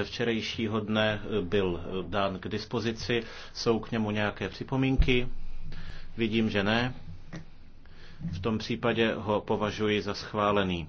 ze včerejšího dne eh, byl eh, dán k dispozici. Jsou k němu nějaké připomínky? Vidím, že ne. V tom případě ho považuji za schválený.